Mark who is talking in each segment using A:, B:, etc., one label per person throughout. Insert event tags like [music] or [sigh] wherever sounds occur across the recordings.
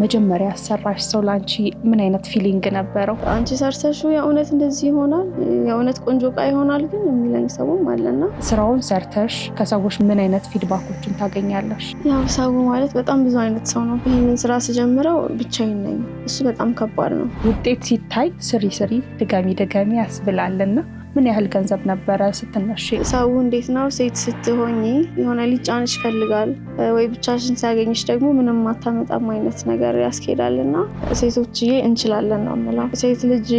A: መጀመሪያ ሰራሽ ሰው ለአንቺ ምን አይነት ፊሊንግ ነበረው?
B: አንቺ ሰርተሹ የእውነት እንደዚህ ይሆናል የእውነት ቆንጆ እቃ ይሆናል ግን የሚለኝ ሰውም አለና
A: ስራውን ሰርተሽ ከሰዎች ምን አይነት ፊድባኮችን ታገኛለሽ?
B: ያው ሰው ማለት በጣም ብዙ አይነት ሰው ነው። ይህንን ስራ ስጀምረው ብቻዬን ነኝ። እሱ በጣም ከባድ ነው።
A: ውጤት ሲታይ ስሪ ስሪ ድጋሚ ድጋሚ ያስብላልና ምን ያህል ገንዘብ ነበረ ስትነሽ?
B: ሰው እንዴት ነው ሴት ስትሆኝ የሆነ ሊጫንሽ ይፈልጋል ወይ ብቻሽን ሲያገኝሽ ደግሞ ምንም ማታመጣም አይነት ነገር ያስኬዳል። እና ሴቶችዬ እንችላለን ነው የምለው። ሴት ልጅ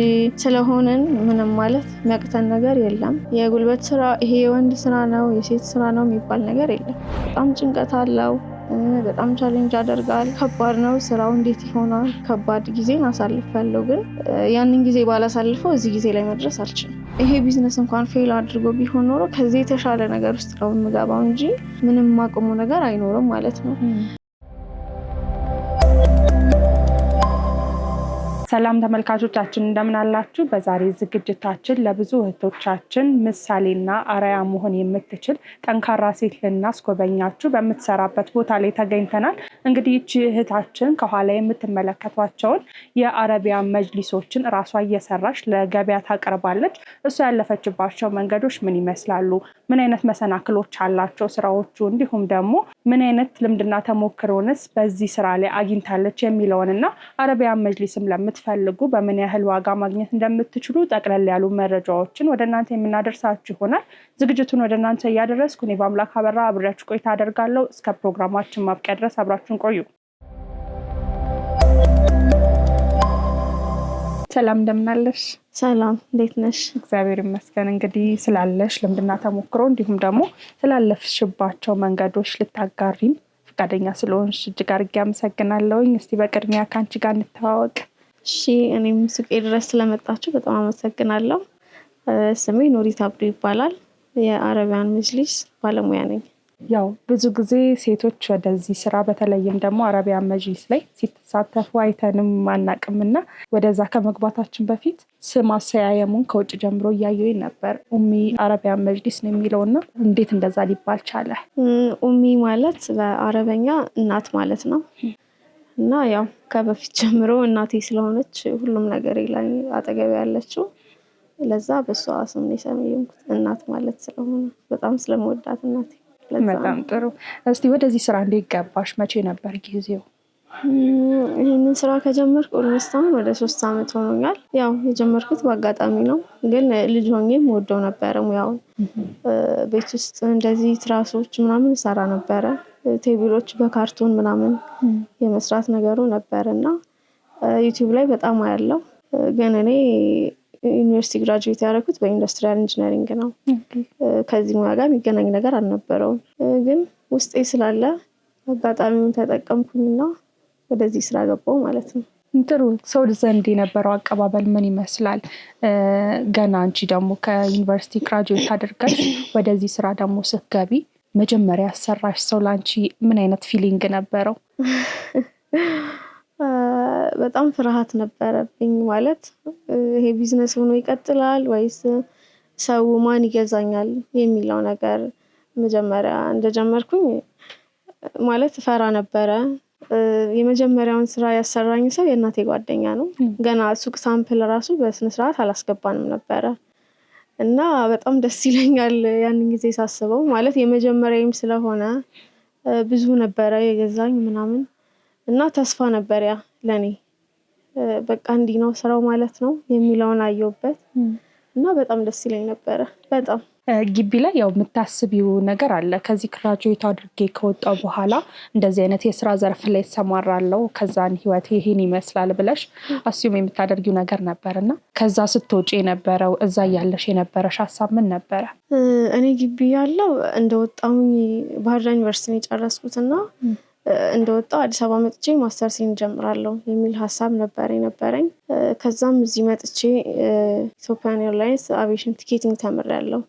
B: ስለሆንን ምንም ማለት የሚያቅተን ነገር የለም። የጉልበት ስራ ይሄ የወንድ ስራ ነው የሴት ስራ ነው የሚባል ነገር የለም። በጣም ጭንቀት አለው። በጣም ቻሌንጅ ያደርጋል። ከባድ ነው ስራው። እንዴት ይሆናል? ከባድ ጊዜን ያለው ግን ያንን ጊዜ ባላሳልፈው እዚህ ጊዜ ላይ መድረስ አልችልም። ይሄ ቢዝነስ እንኳን ፌል አድርጎ ቢሆን ኖሮ ከዚህ የተሻለ ነገር ውስጥ ነው የምገባው እንጂ ምንም ማቆሙ ነገር አይኖርም ማለት ነው።
A: ሰላም ተመልካቾቻችን እንደምን አላችሁ? በዛሬ ዝግጅታችን ለብዙ እህቶቻችን ምሳሌና አርአያ መሆን የምትችል ጠንካራ ሴት ልናስጎበኛችሁ በምትሰራበት ቦታ ላይ ተገኝተናል። እንግዲህ ይቺ እህታችን ከኋላ የምትመለከቷቸውን የአረቢያ መጅሊሶችን ራሷ እየሰራች ለገበያ ታቀርባለች። እሷ ያለፈችባቸው መንገዶች ምን ይመስላሉ? ምን አይነት መሰናክሎች አላቸው ስራዎቹ? እንዲሁም ደግሞ ምን አይነት ልምድና ተሞክሮንስ በዚህ ስራ ላይ አግኝታለች የሚለውን እና አረቢያን መጅሊስም ለምት ብትፈልጉ በምን ያህል ዋጋ ማግኘት እንደምትችሉ ጠቅለል ያሉ መረጃዎችን ወደ እናንተ የምናደርሳችሁ ይሆናል። ዝግጅቱን ወደ እናንተ እያደረስኩ እኔ በአምላክ አበራ አብሬያችሁ ቆይታ አደርጋለሁ። እስከ ፕሮግራማችን ማብቂያ ድረስ አብራችሁን ቆዩ። ሰላም እንደምናለሽ?
B: ሰላም እንዴት ነሽ?
A: እግዚአብሔር ይመስገን። እንግዲህ ስላለሽ ልምድና ተሞክሮ እንዲሁም ደግሞ ስላለፍሽባቸው መንገዶች ልታጋሪም ፈቃደኛ ስለሆንሽ እጅግ አድርጌ አመሰግናለሁኝ። እስቲ በቅድሚያ ከአንቺ ጋር እንተዋወቅ።
B: እሺ እኔም ሱቄ ድረስ ስለመጣችሁ በጣም አመሰግናለሁ። ስሜ ኖሪት አብዱ ይባላል። የአረቢያን መጅሊስ ባለሙያ ነኝ።
A: ያው ብዙ ጊዜ ሴቶች ወደዚህ ስራ በተለይም ደግሞ አረቢያን መጅሊስ ላይ ሲተሳተፉ አይተንም አናቅም እና ወደዛ ከመግባታችን በፊት ስም አሰያየሙን ከውጭ ጀምሮ እያየሁኝ ነበር። ኡሚ አረቢያን መጅሊስ ነው የሚለው እና እንዴት እንደዛ ሊባል ቻለ?
B: ኡሚ ማለት በአረበኛ እናት ማለት ነው። እና ያው ከበፊት ጀምሮ እናቴ ስለሆነች ሁሉም ነገር ላይ አጠገብ ያለችው ለዛ በሷ ስም የሰየምኩት እናት ማለት ስለሆነ በጣም ስለመወዳት እናቴ።
A: በጣም ጥሩ። እስቲ ወደዚህ ስራ እንዴት ገባሽ? መቼ ነበር ጊዜው?
B: ይህንን ስራ ከጀመርኩ ኦልሞስታውን ወደ ሶስት አመት ሆኖኛል። ያው የጀመርኩት በአጋጣሚ ነው፣ ግን ልጅ ሆኜም ወደው ነበረ ሙያውን። ቤት ውስጥ እንደዚህ ትራሶች ምናምን ሰራ ነበረ ቴብሎች በካርቱን ምናምን የመስራት ነገሩ ነበር እና ዩቲዩብ ላይ በጣም አያለው። ግን እኔ ዩኒቨርሲቲ ግራጅዌት ያደረኩት በኢንዱስትሪያል ኢንጂነሪንግ ነው። ከዚህ ሙያ ጋር የሚገናኝ ነገር አልነበረውም። ግን ውስጤ ስላለ አጋጣሚውን ተጠቀምኩኝና ወደዚህ ስራ ገባው ማለት ነው።
A: ጥሩ ሰው ዘንድ የነበረው አቀባበል ምን ይመስላል? ገና አንቺ ደግሞ ከዩኒቨርሲቲ ግራጅዌት አድርገሽ ወደዚህ ስራ ደግሞ ስትገቢ መጀመሪያ ያሰራሽ ሰው ለአንቺ ምን አይነት ፊሊንግ ነበረው? [laughs]
B: በጣም ፍርሃት ነበረብኝ። ማለት ይሄ ቢዝነስ ሆኖ ይቀጥላል ወይስ ሰው ማን ይገዛኛል የሚለው ነገር መጀመሪያ እንደጀመርኩኝ ማለት ፈራ ነበረ። የመጀመሪያውን ስራ ያሰራኝ ሰው የእናቴ ጓደኛ ነው። ገና ሱቅ ሳምፕል ራሱ በስነስርዓት አላስገባንም ነበረ። እና በጣም ደስ ይለኛል ያንን ጊዜ ሳስበው ማለት የመጀመሪያም ስለሆነ ብዙ ነበረ የገዛኝ ምናምን እና ተስፋ ነበር ያ ለኔ በቃ እንዲህ ነው ስራው ማለት ነው የሚለውን አየውበት እና በጣም ደስ ይለኝ ነበረ በጣም
A: ግቢ ላይ ያው የምታስቢው ነገር አለ። ከዚህ ግራጁዌት አድርጌ ከወጣው በኋላ እንደዚህ አይነት የስራ ዘርፍ ላይ እሰማራለሁ፣ ከዛን ህይወት ይሄን ይመስላል ብለሽ አስዩም የምታደርጊው ነገር ነበር እና ከዛ ስትወጪ የነበረው እዛ እያለሽ የነበረሽ ሀሳብ ምን ነበረ?
B: እኔ ግቢ ያለው እንደወጣሁኝ ባህርዳር ዩኒቨርሲቲ ነው የጨረስኩት እና እንደወጣው አዲስ አበባ መጥቼ ማስተርሴን እጀምራለሁ የሚል ሀሳብ ነበረ ነበረኝ ከዛም እዚህ መጥቼ ኢትዮጵያን ኤርላይንስ አቪሽን ቲኬቲንግ ተምሬያለሁ።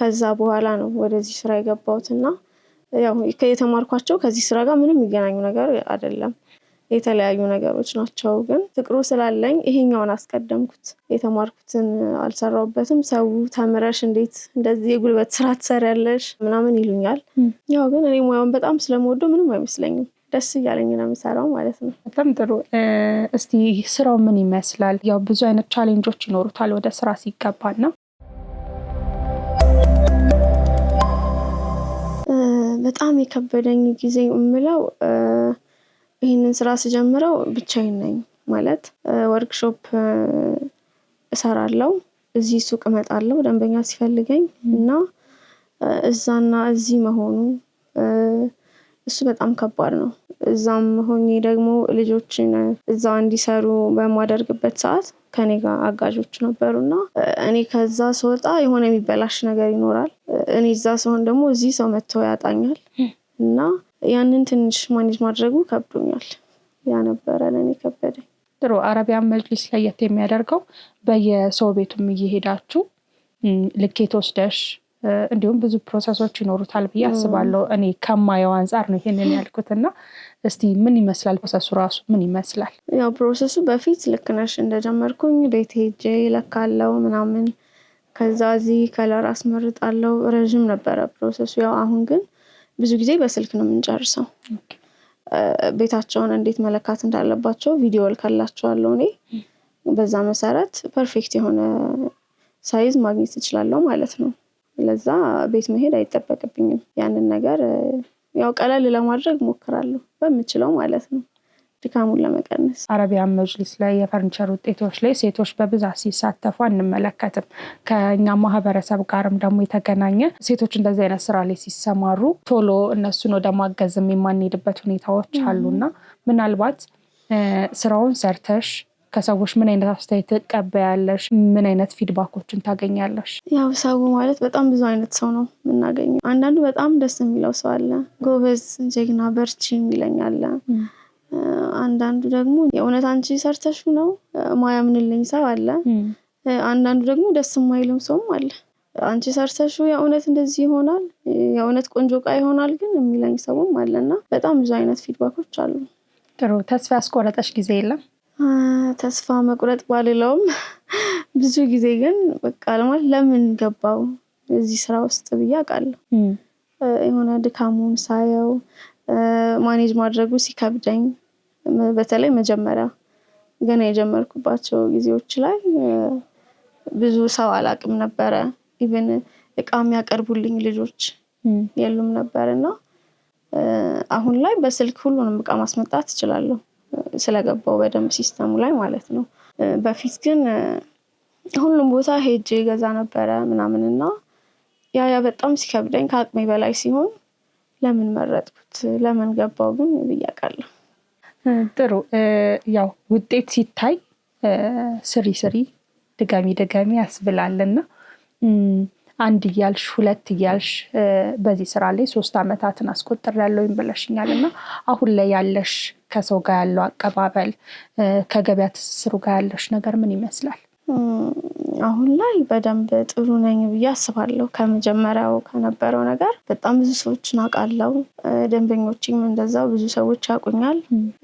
B: ከዛ በኋላ ነው ወደዚህ ስራ የገባሁት እና ያው የተማርኳቸው ከዚህ ስራ ጋር ምንም የሚገናኙ ነገር አይደለም። የተለያዩ ነገሮች ናቸው። ግን ፍቅሩ ስላለኝ ይሄኛውን አስቀደምኩት። የተማርኩትን አልሰራውበትም። ሰው ተምረሽ እንዴት እንደዚህ የጉልበት ስራ ትሰሪያለሽ ምናምን ይሉኛል። ያው ግን እኔ ሙያውን በጣም ስለምወደው ምንም አይመስለኝም። ደስ እያለኝ ነው የምሰራው ማለት ነው።
A: በጣም ጥሩ። እስቲ ስራው ምን ይመስላል? ያው ብዙ አይነት ቻሌንጆች ይኖሩታል ወደ ስራ ሲገባና
B: በጣም የከበደኝ ጊዜ የምለው ይህንን ስራ ስጀምረው ብቻዬን ነኝ ማለት ወርክሾፕ እሰራለው እዚህ ሱቅ እመጣለው ደንበኛ ሲፈልገኝ እና እዛና እዚህ መሆኑ እሱ በጣም ከባድ ነው። እዛም ሆኜ ደግሞ ልጆችን እዛ እንዲሰሩ በማደርግበት ሰዓት ከኔ ጋር አጋዦች ነበሩና እኔ ከዛ ስወጣ የሆነ የሚበላሽ ነገር ይኖራል። እኔ እዛ ስሆን ደግሞ እዚህ ሰው መጥቶ ያጣኛል እና ያንን ትንሽ ማኔጅ ማድረጉ ከብዶኛል። ያ ነበረ ለእኔ ከበደኝ።
A: ጥሩ። አረቢያን መጅሊስ ለየት የሚያደርገው በየሰው ቤቱም እየሄዳችሁ ልኬት ወስደሽ እንዲሁም ብዙ ፕሮሰሶች ይኖሩታል ብዬ አስባለሁ። እኔ ከማየው አንጻር ነው ይሄንን [laughs] ያልኩት እና እስቲ ምን ይመስላል ፕሮሰሱ ራሱ ምን ይመስላል?
B: ያው ፕሮሰሱ በፊት ልክ ነሽ እንደጀመርኩኝ ቤት ሄጄ ይለካለው ምናምን፣ ከዛ እዚህ ከለር አስመርጣለው። ረዥም ነበረ ፕሮሰሱ። ያው አሁን ግን ብዙ ጊዜ በስልክ ነው የምንጨርሰው። ቤታቸውን እንዴት መለካት እንዳለባቸው ቪዲዮ እልካላቸዋለሁ እኔ በዛ መሰረት ፐርፌክት የሆነ ሳይዝ ማግኘት እችላለሁ ማለት ነው። ለዛ ቤት መሄድ አይጠበቅብኝም ያንን ነገር ያው ቀለል ለማድረግ ሞክራለሁ በምችለው ማለት ነው ድካሙን ለመቀነስ
A: አረቢያን መጅሊስ ላይ የፈርኒቸር ውጤቶች ላይ ሴቶች በብዛት ሲሳተፉ አንመለከትም። ከእኛ ማህበረሰብ ጋርም ደግሞ የተገናኘ ሴቶች እንደዚህ አይነት ስራ ላይ ሲሰማሩ ቶሎ እነሱን ወደ ማገዝም የማንሄድበት ሁኔታዎች አሉና ምናልባት ስራውን ሰርተሽ ከሰዎች ምን አይነት አስተያየት ትቀበያለሽ? ምን አይነት ፊድባኮችን ታገኛለሽ?
B: ያው ሰው ማለት በጣም ብዙ አይነት ሰው ነው የምናገኘው። አንዳንዱ በጣም ደስ የሚለው ሰው አለ፣ ጎበዝ፣ ጀግና፣ በርቺ የሚለኝ አለ አንዳንዱ ደግሞ የእውነት አንቺ ሰርተሽው ነው ማያምንልኝ ሰው አለ። አንዳንዱ ደግሞ ደስ የማይልም ሰውም አለ። አንቺ ሰርተሽው የእውነት እንደዚህ ይሆናል የእውነት ቆንጆ እቃ ይሆናል ግን የሚለኝ ሰውም አለ። እና በጣም ብዙ አይነት ፊድባኮች አሉ።
A: ጥሩ ተስፋ ያስቆረጠሽ ጊዜ የለም?
B: ተስፋ መቁረጥ ባልለውም [laughs] ብዙ ጊዜ ግን በቃ ለማለት ለምን ገባው እዚህ ስራ ውስጥ ብዬ አውቃለሁ። የሆነ ድካሙን ሳየው ማኔጅ ማድረጉ ሲከብደኝ በተለይ መጀመሪያ ገና የጀመርኩባቸው ጊዜዎች ላይ ብዙ ሰው አላቅም ነበረ። ኢቨን እቃ የሚያቀርቡልኝ ልጆች የሉም ነበር እና አሁን ላይ በስልክ ሁሉንም እቃ ማስመጣት እችላለሁ ስለገባው በደንብ ሲስተሙ ላይ ማለት ነው። በፊት ግን ሁሉም ቦታ ሄጄ ገዛ ነበረ ምናምን እና ያ ያ በጣም ሲከብደኝ ከአቅሜ በላይ ሲሆን ለምን መረጥኩት ለምን ገባው ግን ብያቃለሁ።
A: ጥሩ ያው ውጤት ሲታይ ስሪ ስሪ ድጋሚ ድጋሚ ያስብላልና አንድ እያልሽ ሁለት እያልሽ በዚህ ስራ ላይ ሶስት ዓመታትን አስቆጥሬያለሁ ብለሽኛል እና አሁን ላይ ያለሽ ከሰው ጋር ያለው አቀባበል ከገበያ ትስስሩ ጋር ያለሽ ነገር ምን ይመስላል?
B: አሁን ላይ በደንብ ጥሩ ነኝ ብዬ አስባለሁ ከመጀመሪያው ከነበረው ነገር በጣም ብዙ ሰዎችን አውቃለሁ ደንበኞችም እንደዛው ብዙ ሰዎች ያውቁኛል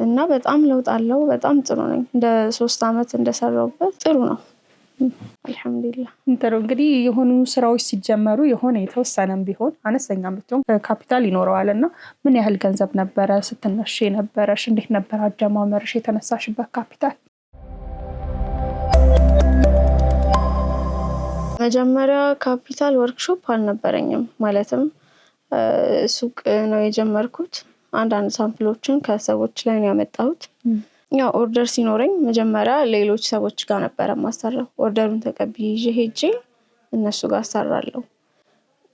B: እና በጣም ለውጥ አለው በጣም ጥሩ ነኝ እንደ ሶስት አመት እንደሰራሁበት ጥሩ ነው። አልሐምዱሊላህ
A: ጥሩ እንግዲህ የሆኑ ስራዎች ሲጀመሩ የሆነ የተወሰነም ቢሆን አነስተኛ ብትሆን ካፒታል ይኖረዋል እና ምን ያህል ገንዘብ ነበረ ስትነሽ የነበረሽ? እንዴት ነበር አጀማመርሽ የተነሳሽበት ካፒታል?
B: መጀመሪያ ካፒታል ወርክሾፕ አልነበረኝም ማለትም ሱቅ ነው የጀመርኩት አንዳንድ ሳምፕሎችን ከሰዎች ላይ ነው ያመጣሁት። ያው ኦርደር ሲኖረኝ መጀመሪያ ሌሎች ሰዎች ጋር ነበረ ማሰራው ኦርደሩን ተቀብዬ ሄጄ እነሱ ጋር አሰራለሁ።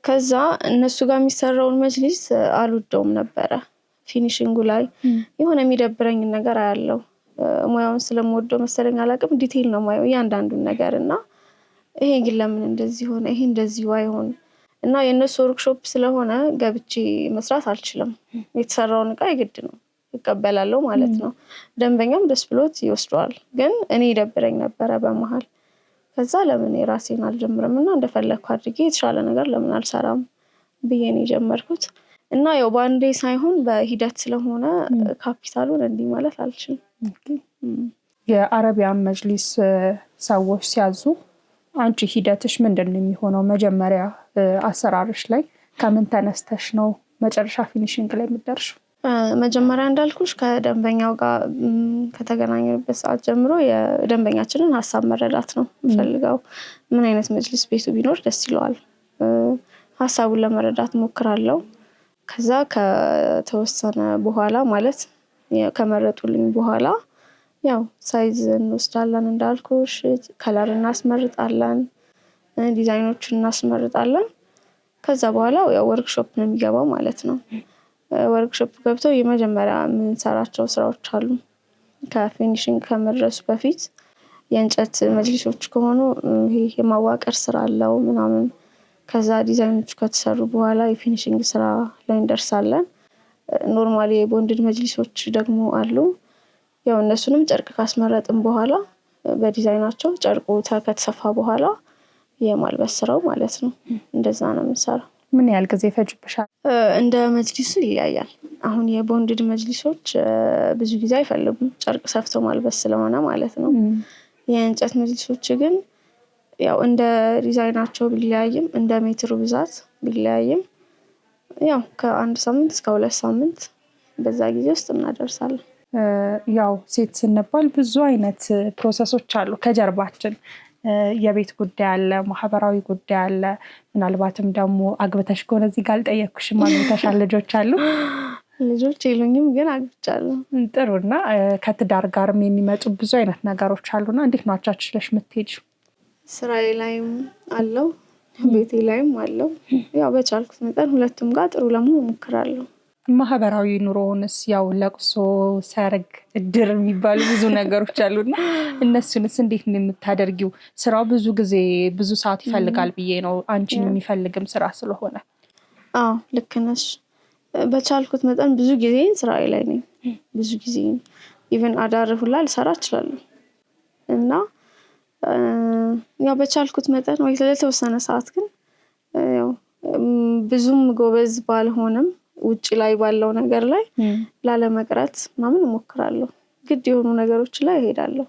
B: ከዛ እነሱ ጋር የሚሰራውን መጅሊስ አልወደውም ነበረ ፊኒሽንጉ ላይ የሆነ የሚደብረኝን ነገር አያለው። ሙያውን ስለምወደው መሰለኝ አላቅም ዲቴይል ነው ማየው እያንዳንዱን ነገር እና ይሄ ግን ለምን እንደዚህ ሆነ፣ ይሄ እንደዚህ አይሆን እና የእነሱ ወርክሾፕ ስለሆነ ገብቼ መስራት አልችልም። የተሰራውን እቃ የግድ ነው ይቀበላለሁ ማለት ነው። ደንበኛም ደስ ብሎት ይወስደዋል። ግን እኔ ይደብረኝ ነበረ በመሀል። ከዛ ለምን የራሴን አልጀምርም እና እንደፈለግኩ አድርጌ የተሻለ ነገር ለምን አልሰራም ብዬ የጀመርኩት። እና ያው በአንዴ ሳይሆን በሂደት ስለሆነ ካፒታሉን እንዲህ ማለት አልችልም።
A: የአረቢያን መጅሊስ ሰዎች ሲያዙ አንቺ ሂደትሽ ምንድን ነው የሚሆነው? መጀመሪያ አሰራርሽ ላይ ከምን ተነስተሽ ነው መጨረሻ ፊኒሽንግ ላይ የምትደርሺው?
B: መጀመሪያ እንዳልኩሽ ከደንበኛው ጋር ከተገናኘንበት ሰዓት ጀምሮ የደንበኛችንን ሀሳብ መረዳት ነው ፈልገው። ምን አይነት መጅልስ ቤቱ ቢኖር ደስ ይለዋል፣ ሀሳቡን ለመረዳት ሞክራለሁ። ከዛ ከተወሰነ በኋላ ማለት ከመረጡልኝ በኋላ ያው ሳይዝ እንወስዳለን እንዳልኩሽ፣ ከለር እናስመርጣለን፣ ዲዛይኖች እናስመርጣለን። ከዛ በኋላ ያው ወርክሾፕ ነው የሚገባው ማለት ነው። ወርክሾፕ ገብተው የመጀመሪያ የምንሰራቸው ስራዎች አሉ። ከፊኒሽንግ ከመድረሱ በፊት የእንጨት መጅሊሶች ከሆኑ ይሄ የማዋቀር ስራ አለው ምናምን። ከዛ ዲዛይኖቹ ከተሰሩ በኋላ የፊኒሽንግ ስራ ላይ እንደርሳለን። ኖርማሊ የቦንድድ መጅሊሶች ደግሞ አሉ። ያው እነሱንም ጨርቅ ካስመረጥን በኋላ በዲዛይናቸው ጨርቁ ከተሰፋ በኋላ የማልበስ ስራው ማለት ነው። እንደዛ ነው የምንሰራው።
A: ምን ያህል ጊዜ ይፈጅብሻል?
B: እንደ መጅሊሱ ይለያያል። አሁን የቦንድድ መጅሊሶች ብዙ ጊዜ አይፈልጉም ጨርቅ ሰፍቶ ማልበስ ስለሆነ ማለት ነው። የእንጨት መጅሊሶች ግን ያው እንደ ዲዛይናቸው ቢለያይም እንደ ሜትሩ ብዛት ቢለያይም ያው ከአንድ ሳምንት እስከ ሁለት ሳምንት በዛ ጊዜ ውስጥ እናደርሳለን።
A: ያው ሴት ስንባል ብዙ አይነት ፕሮሰሶች አሉ ከጀርባችን። የቤት ጉዳይ አለ፣ ማህበራዊ ጉዳይ አለ። ምናልባትም ደግሞ አግብተሽ ከሆነ እዚህ ጋር አልጠየኩሽም፣ አግብተሻል? ልጆች አሉ? [laughs]
B: ልጆች የሉኝም ግን አግብቻለሁ።
A: ጥሩ እና ከትዳር ጋርም የሚመጡ ብዙ አይነት ነገሮች አሉና እንዴት ነው አቻችለሽ የምትሄጂው?
B: ስራዬ ላይም አለው ቤቴ ላይም አለው። ያው በቻልኩት መጠን ሁለቱም ጋር ጥሩ ለመሆን እሞክራለሁ።
A: ማህበራዊ ኑሮውንስ ያው ለቅሶ፣ ሰርግ፣ እድር የሚባሉ ብዙ ነገሮች አሉና እነሱንስ እንዴት ነው የምታደርጊው? ስራው ብዙ ጊዜ ብዙ ሰዓት ይፈልጋል ብዬ ነው። አንቺን የሚፈልግም ስራ ስለሆነ።
B: አዎ ልክ ነሽ። በቻልኩት መጠን ብዙ ጊዜ ስራ ላይ ነኝ። ብዙ ጊዜ ኢቨን አዳር ሁላ ልሰራ እችላለሁ እና ያው በቻልኩት መጠን ወይ ለተወሰነ ሰዓት ግን ያው ብዙም ጎበዝ ባልሆንም ውጭ ላይ ባለው ነገር ላይ ላለመቅረት ምናምን እሞክራለሁ። ግድ የሆኑ ነገሮች ላይ እሄዳለሁ።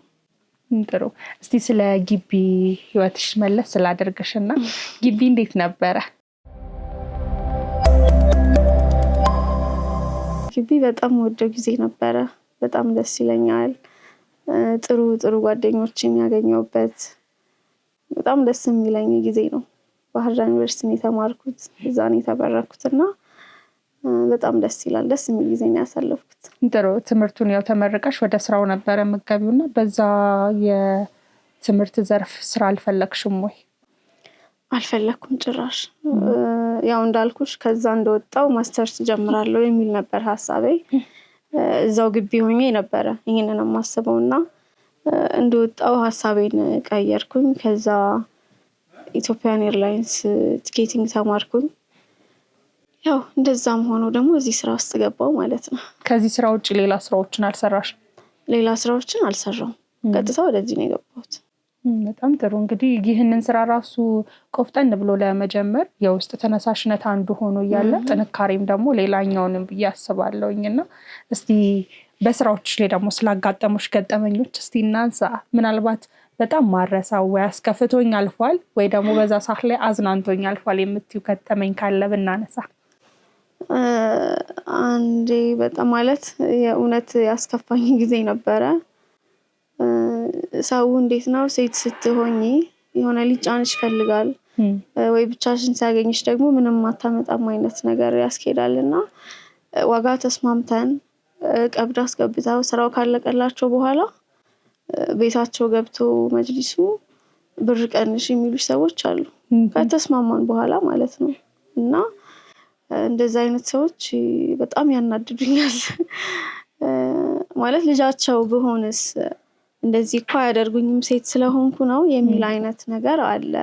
A: ጥሩ። እስቲ ስለ ግቢ ህይወትሽ መለስ እና ግቢ [laughs] እንዴት ነበረ?
B: ግቢ በጣም ወደው ጊዜ ነበረ። በጣም ደስ ይለኛል። ጥሩ ጥሩ ጓደኞችን ያገኘሁበት በጣም ደስ የሚለኝ ጊዜ ነው። ባህር ዳር ዩኒቨርሲቲ የተማርኩት፣ እዛ ነው የተመረኩት እና በጣም ደስ ይላል። ደስ የሚል ጊዜ ነው ያሳለፍኩት።
A: ጥሩ። ትምህርቱን ያው ተመርቀሽ ወደ ስራው ነበረ መገቢው እና በዛ የትምህርት ዘርፍ ስራ አልፈለግሽም ወይ?
B: አልፈለግኩም ጭራሽ። ያው እንዳልኩሽ ከዛ እንደወጣው ማስተርስ ጀምራለሁ የሚል ነበር ሀሳቤ። እዛው ግቢ ሆኜ ነበረ ይህንን የማስበው እና እንደወጣው ሀሳቤን ቀየርኩኝ። ከዛ ኢትዮጵያን ኤርላይንስ ቲኬቲንግ ተማርኩኝ። ያው እንደዛም ሆኖ ደግሞ እዚህ ስራ ውስጥ ገባው ማለት ነው።
A: ከዚህ ስራ ውጭ ሌላ ስራዎችን አልሰራሽ?
B: ሌላ ስራዎችን አልሰራውም። ቀጥታ ወደዚህ ነው የገባሁት።
A: በጣም ጥሩ እንግዲህ ይህንን ስራ ራሱ ቆፍጠን ብሎ ለመጀመር የውስጥ ተነሳሽነት አንዱ ሆኖ እያለ ጥንካሬም ደግሞ ሌላኛውንም ብዬ አስባለውኝ እና እስቲ በስራዎች ላይ ደግሞ ስላጋጠሙሽ ገጠመኞች እስቲ እናንሳ። ምናልባት በጣም ማረሳው ወይ አስከፍቶኝ አልፏል ወይ ደግሞ በዛ ሰዓት ላይ አዝናንቶኝ አልፏል የምትዩ ገጠመኝ ካለ ብናነሳ
B: አንዴ በጣም ማለት የእውነት ያስከፋኝ ጊዜ ነበረ። ሰው እንዴት ነው ሴት ስትሆኝ የሆነ ሊጫንሽ ይፈልጋል ወይ ብቻሽን ሲያገኝሽ ደግሞ ምንም አታመጣም አይነት ነገር ያስኬዳል። እና ዋጋ ተስማምተን ቀብድ አስገብተው ስራው ካለቀላቸው በኋላ ቤታቸው ገብቶ መጅሊሱ ብር ቀንሽ የሚሉሽ ሰዎች አሉ ከተስማማን በኋላ ማለት ነው። እና እንደዚህ አይነት ሰዎች በጣም ያናድዱኛል። ማለት ልጃቸው ብሆንስ እንደዚህ እኮ አያደርጉኝም ሴት ስለሆንኩ ነው የሚል አይነት ነገር አለ።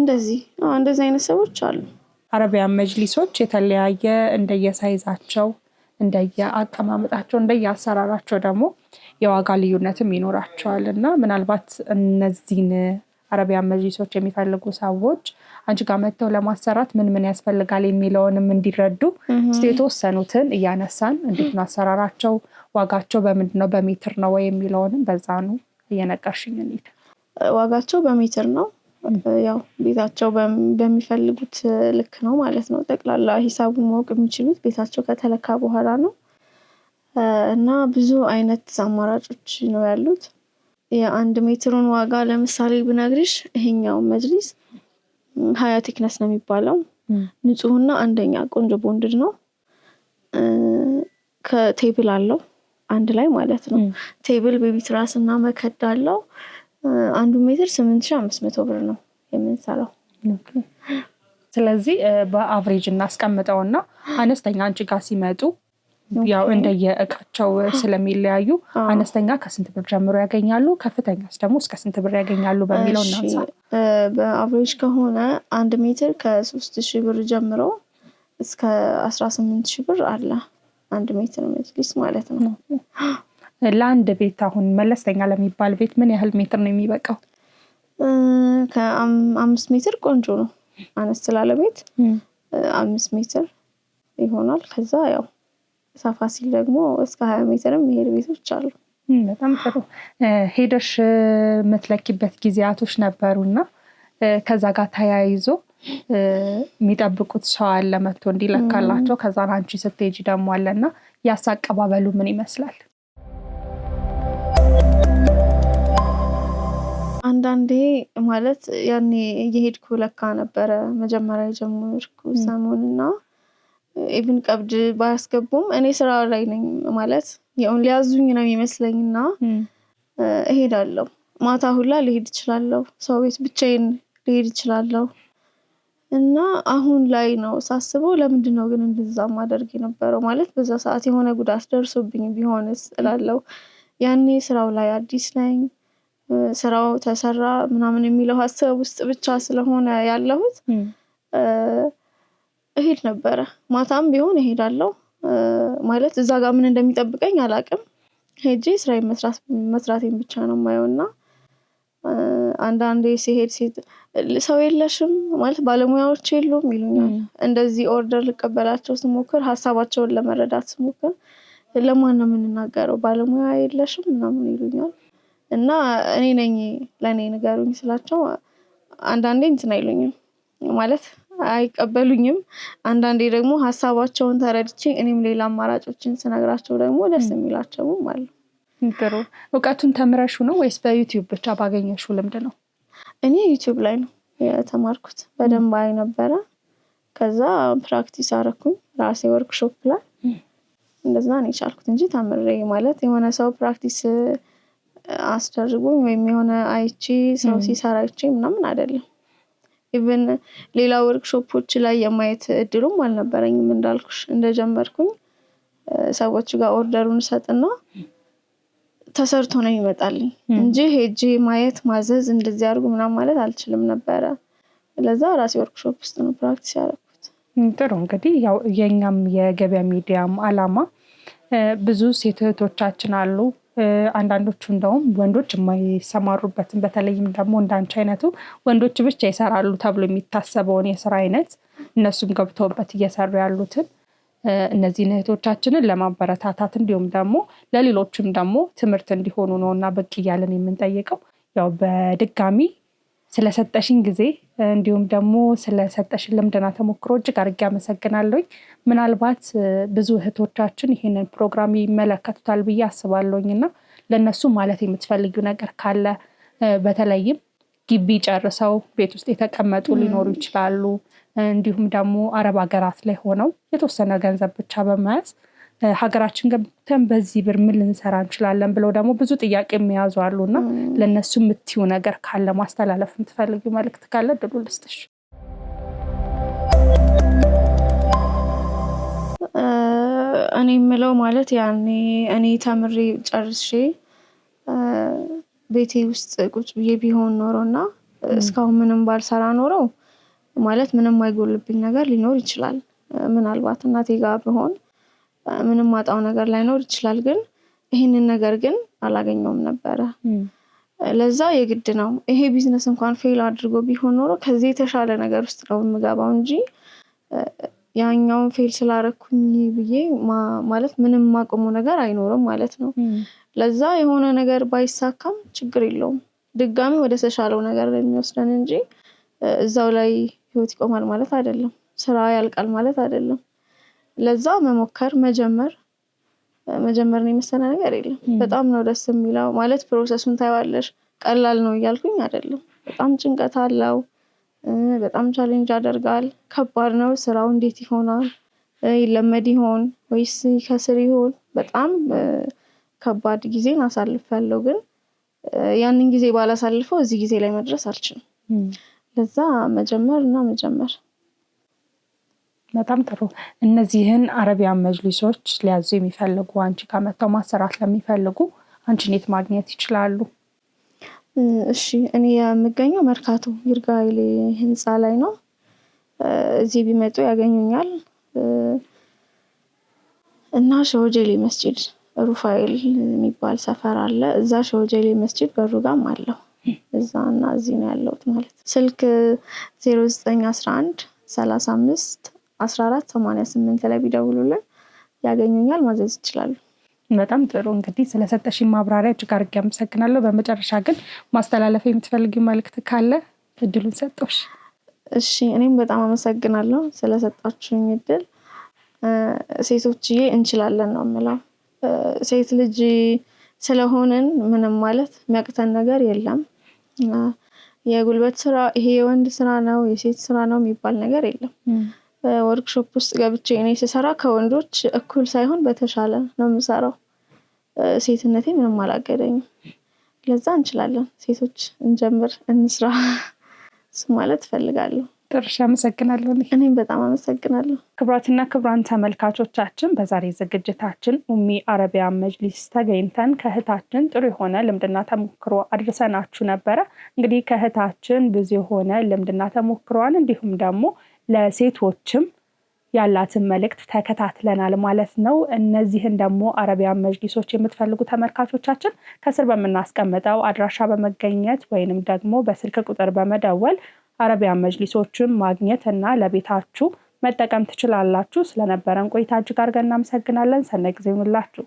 B: እንደዚህ እንደዚህ አይነት ሰዎች አሉ።
A: አረቢያን መጅሊሶች የተለያየ እንደየሳይዛቸው፣ እንደየአቀማመጣቸው፣ እንደየአሰራራቸው ደግሞ የዋጋ ልዩነትም ይኖራቸዋል እና ምናልባት እነዚህን አረቢያን መጅሊሶች የሚፈልጉ ሰዎች አንቺ ጋር መጥተው ለማሰራት ምን ምን ያስፈልጋል የሚለውንም እንዲረዱ እስኪ የተወሰኑትን እያነሳን እንዴት ነው አሰራራቸው፣ ዋጋቸው በምንድን ነው በሜትር ነው ወይ የሚለውንም በዛኑ እየነቀርሽኝ እንሂድ።
B: ዋጋቸው በሜትር ነው ያው ቤታቸው በሚፈልጉት ልክ ነው ማለት ነው። ጠቅላላ ሂሳቡን ማወቅ የሚችሉት ቤታቸው ከተለካ በኋላ ነው እና ብዙ አይነት አማራጮች ነው ያሉት። የአንድ ሜትሩን ዋጋ ለምሳሌ ብነግርሽ ይሄኛው መጅሊስ ሀያ ቴክነስ ነው የሚባለው። ንጹህና አንደኛ ቆንጆ ቦንድድ ነው። ከቴብል አለው አንድ ላይ ማለት ነው። ቴብል ቤቢ ትራስ እና መከድ አለው። አንዱ ሜትር ስምንት ሺ አምስት መቶ ብር ነው የምንሰራው።
A: ስለዚህ በአቭሬጅ እናስቀምጠውና አነስተኛ አንቺ ጋር ሲመጡ ያው እንደየእቃቸው ስለሚለያዩ አነስተኛ ከስንት ብር ጀምሮ ያገኛሉ፣ ከፍተኛስ ደግሞ እስከ ስንት ብር ያገኛሉ በሚለው እናንሳ።
B: ከሆነ አንድ ሜትር ከሶስት ሺህ ብር ጀምሮ እስከ አስራ ስምንት ሺህ ብር አለ አንድ ሜትር ሜትሊስ ማለት ነው።
A: ለአንድ ቤት አሁን መለስተኛ ለሚባል ቤት ምን ያህል ሜትር ነው የሚበቃው?
B: ከአምስት ሜትር ቆንጆ ነው። አነስ ስላለ ቤት አምስት ሜትር ይሆናል። ከዛ ያው ሰፋ ሲል ደግሞ እስከ ሀያ ሜትርም መሄድ ቤቶች አሉ።
A: በጣም ጥሩ ሄደሽ የምትለኪበት ጊዜያቶች ነበሩና ከዛ ጋር ተያይዞ የሚጠብቁት ሰው አለ መጥቶ እንዲለካላቸው። ከዛን አንቺ ስትሄጂ ደግሞ አለና ያሳ አቀባበሉ ምን ይመስላል?
B: አንዳንዴ ማለት ያኔ እየሄድኩ ለካ ነበረ መጀመሪያ የጀመርኩ እና ኢቭን ቀብድ ባያስገቡም እኔ ስራ ላይ ነኝ ማለት የውን ሊያዙኝ ነው የሚመስለኝና እሄዳለሁ። ማታ ሁላ ልሄድ እችላለሁ። ሰው ቤት ብቻዬን ልሄድ እችላለሁ። እና አሁን ላይ ነው ሳስበው ለምንድን ነው ግን እንደዛ ማደርግ የነበረው ማለት በዛ ሰዓት የሆነ ጉዳት ደርሶብኝ ቢሆንስ እላለሁ። ያኔ ስራው ላይ አዲስ ነኝ። ስራው ተሰራ ምናምን የሚለው ሀሳብ ውስጥ ብቻ ስለሆነ ያለሁት እሄድ ነበረ ማታም ቢሆን እሄዳለሁ። ማለት እዛ ጋር ምን እንደሚጠብቀኝ አላውቅም። ሄጄ ስራዬን መስራቴን ብቻ ነው የማየው እና አንዳንዴ ሲሄድ ሰው የለሽም ማለት ባለሙያዎች የሉም ይሉኛል እንደዚህ ኦርደር ልቀበላቸው ስሞክር ሀሳባቸውን ለመረዳት ስሞክር ለማን ነው የምንናገረው ባለሙያ የለሽም ምናምን ይሉኛል። እና እኔ ነኝ ለኔ ንገሩኝ ስላቸው አንዳንዴ እንትን አይሉኝም ማለት አይቀበሉኝም። አንዳንዴ ደግሞ ሀሳባቸውን ተረድቼ እኔም ሌላ አማራጮችን ስነግራቸው ደግሞ ደስ የሚላቸውም አሉ።
A: ጥሩ እውቀቱን ተምረሹ ነው ወይስ በዩቲዩብ ብቻ ባገኘሹ ልምድ ነው?
B: እኔ ዩቲዩብ ላይ ነው የተማርኩት። በደንብ አይ ነበረ። ከዛ ፕራክቲስ አረኩኝ ራሴ ወርክሾፕ ላይ እንደዛ ነው የቻልኩት እንጂ ተምሬ ማለት የሆነ ሰው ፕራክቲስ አስደርጎኝ ወይም የሆነ አይቼ ሰው ሲሰራ አይቼ ምናምን አይደለም። ኢቨን ሌላ ወርክሾፖች ላይ የማየት እድሉም አልነበረኝም። እንዳልኩሽ እንደጀመርኩኝ ሰዎች ጋር ኦርደሩን ሰጥና ተሰርቶ ነው ይመጣልኝ እንጂ ሄጂ ማየት ማዘዝ እንደዚህ አድርጉ ምናምን ማለት አልችልም ነበረ። ለዛ ራሴ ወርክሾፕ ውስጥ ነው ፕራክቲስ ያደረኩት።
A: ጥሩ እንግዲህ ያው የእኛም የገበያ ሚዲያም አላማ ብዙ ሴት እህቶቻችን አሉ አንዳንዶቹ እንደውም ወንዶች የማይሰማሩበትን በተለይም ደግሞ እንዳንቺ አይነቱ ወንዶች ብቻ ይሰራሉ ተብሎ የሚታሰበውን የስራ አይነት እነሱም ገብተውበት እየሰሩ ያሉትን እነዚህን እህቶቻችንን ለማበረታታት እንዲሁም ደግሞ ለሌሎችም ደግሞ ትምህርት እንዲሆኑ ነው እና ብቅ እያለን የምንጠይቀው ያው በድጋሚ ስለሰጠሽኝ ጊዜ እንዲሁም ደግሞ ስለሰጠሽን ልምድና ተሞክሮ እጅግ አድርጌ አመሰግናለሁኝ። ምናልባት ብዙ እህቶቻችን ይህንን ፕሮግራም ይመለከቱታል ብዬ አስባለሁኝ እና ለእነሱ ማለት የምትፈልጊው ነገር ካለ በተለይም ግቢ ጨርሰው ቤት ውስጥ የተቀመጡ ሊኖሩ ይችላሉ። እንዲሁም ደግሞ አረብ ሀገራት ላይ ሆነው የተወሰነ ገንዘብ ብቻ በመያዝ ሀገራችን ገብተን በዚህ ብር ምን ልንሰራ እንችላለን ብለው ደግሞ ብዙ ጥያቄ የሚያዙ እና ለእነሱ የምትዩ ነገር ካለ ማስተላለፍ የምትፈልጊው መልክት ካለ ድሉ ልስጥሽ።
B: እኔ የምለው ማለት ያኔ እኔ ተምሬ ጨርሼ ቤቴ ውስጥ ቁጭ ብዬ ቢሆን ኖሮ እና እስካሁን ምንም ባልሰራ ኖረው ማለት ምንም አይጎልብኝ ነገር ሊኖር ይችላል። ምናልባት እናቴ ጋር ብሆን ምንም ማጣው ነገር ላይኖር ይችላል። ግን ይህንን ነገር ግን አላገኘውም ነበረ። ለዛ የግድ ነው ይሄ ቢዝነስ እንኳን ፌል አድርጎ ቢሆን ኖሮ ከዚህ የተሻለ ነገር ውስጥ ነው የምገባው እንጂ ያኛውን ፌል ስላረኩኝ ብዬ ማለት ምንም ማቆሙ ነገር አይኖርም ማለት ነው። ለዛ የሆነ ነገር ባይሳካም ችግር የለውም ድጋሚ ወደ ተሻለው ነገር የሚወስደን እንጂ እዛው ላይ ህይወት ይቆማል ማለት አይደለም። ስራ ያልቃል ማለት አይደለም። ለዛ መሞከር መጀመር መጀመርን የመሰለ ነገር የለም። በጣም ነው ደስ የሚለው ማለት ፕሮሰሱን ታይዋለሽ ቀላል ነው እያልኩኝ አይደለም በጣም ጭንቀት አለው። በጣም ቻሌንጅ ያደርጋል ከባድ ነው ስራው እንዴት ይሆናል? ይለመድ ይሆን ወይስ ከስር ይሆን በጣም ከባድ ጊዜን ያለው ግን ያንን ጊዜ ባላሳልፈው እዚህ ጊዜ ላይ መድረስ አልችልም። ለዛ መጀመር እና መጀመር
A: በጣም ጥሩ። እነዚህን አረቢያን መጅሊሶች ሊያዙ የሚፈልጉ አንቺ ጋር መጥተው ማሰራት ለሚፈልጉ አንቺ እንዴት ማግኘት ይችላሉ?
B: እሺ እኔ የምገኘው መርካቶ ይርጋይሌ ህንፃ ላይ ነው። እዚህ ቢመጡ ያገኙኛል። እና ሸወጀሌ መስጂድ ሩፋኤል የሚባል ሰፈር አለ። እዛ ሸወጀሌ መስጂድ በሩ ጋም አለው እዛ እና እዚህ ነው ያለሁት ማለት ነው። ስልክ ዜሮ ዘጠኝ አስራ አንድ ሰላሳ አምስት አስራ አራት ሰማንያ ስምንት ላይ ቢደውሉልን ያገኙኛል፣ ማዘዝ ይችላሉ።
A: በጣም ጥሩ እንግዲህ ስለሰጠሽ ማብራሪያ እጅግ አድርጌ አመሰግናለሁ። በመጨረሻ ግን ማስተላለፍ የምትፈልጊው መልእክት ካለ እድሉን ሰጠሽ።
B: እሺ እኔም በጣም አመሰግናለሁ ስለሰጣችሁኝ እድል። ሴቶችዬ እንችላለን ነው የምለው። ሴት ልጅ ስለሆንን ምንም ማለት የሚያቅተን ነገር የለም። የጉልበት ስራ ይሄ የወንድ ስራ ነው የሴት ስራ ነው የሚባል ነገር የለም። ወርክሾፕ ውስጥ ገብቼ እኔ ስሰራ ከወንዶች እኩል ሳይሆን በተሻለ ነው የምሰራው። ሴትነቴ ምንም አላገደኝም። ለዛ እንችላለን ሴቶች እንጀምር እንስራ ማለት እፈልጋለሁ።
A: ጥርሽ አመሰግናለሁ
B: እኔም በጣም አመሰግናለሁ።
A: ክብራትና ክብራን ተመልካቾቻችን በዛሬ ዝግጅታችን ኡሚ አረቢያ መጅሊስ ተገኝተን ከእህታችን ጥሩ የሆነ ልምድና ተሞክሮ አድርሰናችሁ ነበረ። እንግዲህ ከእህታችን ብዙ የሆነ ልምድና ተሞክሯን እንዲሁም ደግሞ ለሴቶችም ያላትን መልእክት ተከታትለናል ማለት ነው። እነዚህን ደግሞ አረቢያን መጅሊሶች የምትፈልጉ ተመልካቾቻችን ከስር በምናስቀምጠው አድራሻ በመገኘት ወይንም ደግሞ በስልክ ቁጥር በመደወል አረቢያን መጅሊሶችን ማግኘት እና ለቤታችሁ መጠቀም ትችላላችሁ። ስለነበረን ቆይታ እጅግ አድርገን እናመሰግናለን። ሰነ ጊዜ ይሁንላችሁ።